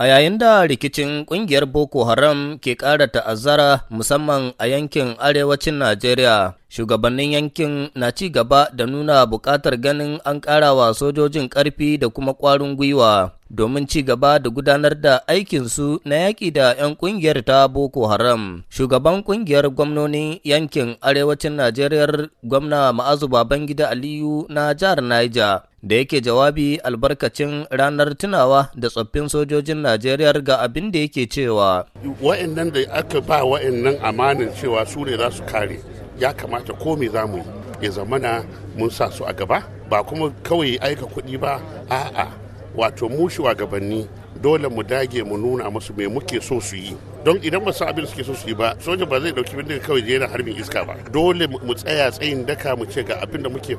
A yayin da rikicin ƙungiyar Boko Haram ke ƙara ta'azzara musamman a yankin arewacin Najeriya, shugabannin yankin na ci gaba da nuna buƙatar ganin an ƙarawa sojojin ƙarfi da kuma ƙwarin gwiwa domin ci gaba da gudanar da aikinsu na yaƙi da 'yan ƙungiyar ta Boko Haram. Shugaban ƙungiyar gwamnonin yankin arewacin Najeriya, gwamna Ma'azu Babangida Aliyu na jihar Niger. da yake jawabi albarkacin ranar tunawa da tsoffin sojojin Najeriya ga abin da yake cewa. Wa'annan da aka ba wa'annan amanin cewa su ne za su kare ya kamata ko me za mu ya zamana mun sa su a gaba ba kuma kawai aika kuɗi ba a'a wato mu shugabanni dole mu dage mu nuna musu me muke so su yi don idan ba abin suke so su yi ba soja ba zai dauki bindiga kawai jera harbin iska ba dole mu tsaya tsayin daka mu ce ga abin da muke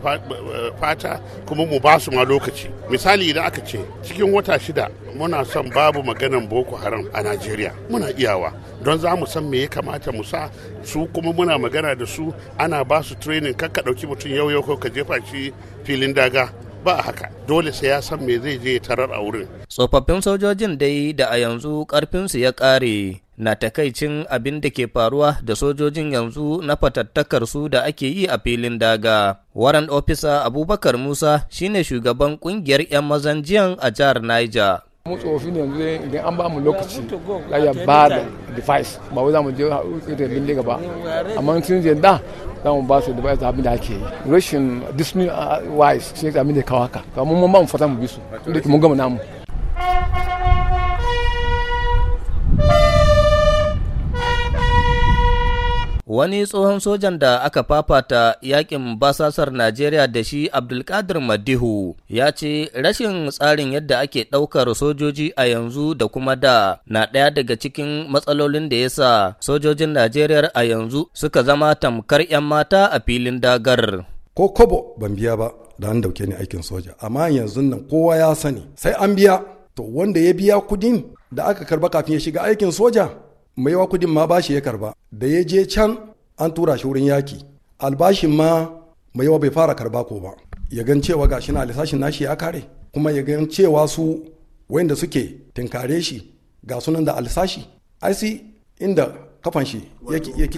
fata kuma mu ba su ma lokaci misali idan aka ce cikin wata shida muna son babu maganan boko haram a najeriya muna iyawa don za mu san me ya kamata mu sa su kuma muna magana da su ana ba su training kakka dauki mutum yau yau ka jefa shi filin daga ba haka dole sai ya san me zai je tarar a wurin tsofaffin sojojin dai da a yanzu karfinsu ya ƙare na takaicin abin da ke faruwa da sojojin yanzu na fatattakar su da ake yi a filin daga. Warrant Officer Abubakar Musa shine shugaban kungiyar 'yan mazan jiyan a jihar Niger. mu tsofi ne yanzu idan an ba mu lokaci za ya ba da device ba wai za mu je da bindiga ba amma sun je da za mu ba su device abin da ake yi rashin disney wise shi abin da kawaka haka kamar mun ba mu fata mu bi su inda mun gama namu Wani tsohon sojan da aka fafata yakin basasar Najeriya da shi Abdulkadir Madihu ya ce rashin tsarin yadda ake ɗaukar sojoji a yanzu da kuma da na ɗaya daga cikin matsalolin da ya sa sojojin Najeriya a yanzu suka zama tamkar 'yan mata a filin dagar. Ko kobo ban biya ba da an dauke ni aikin soja, amma yanzu nan kowa ya sani sai an biya, to wanda ya biya kudin da aka karba kafin ya shiga aikin soja mai yawa kudin ma bashi ya karba da ya je can an tura shi wurin yaki albashin ma mai yawa bai fara karba ko ba ya gan cewa ga shi na lissashin nashi ya kare kuma ya gan cewa su wayanda suke tinkare shi ga sunan da alsashi ai si inda kafan shi yake yake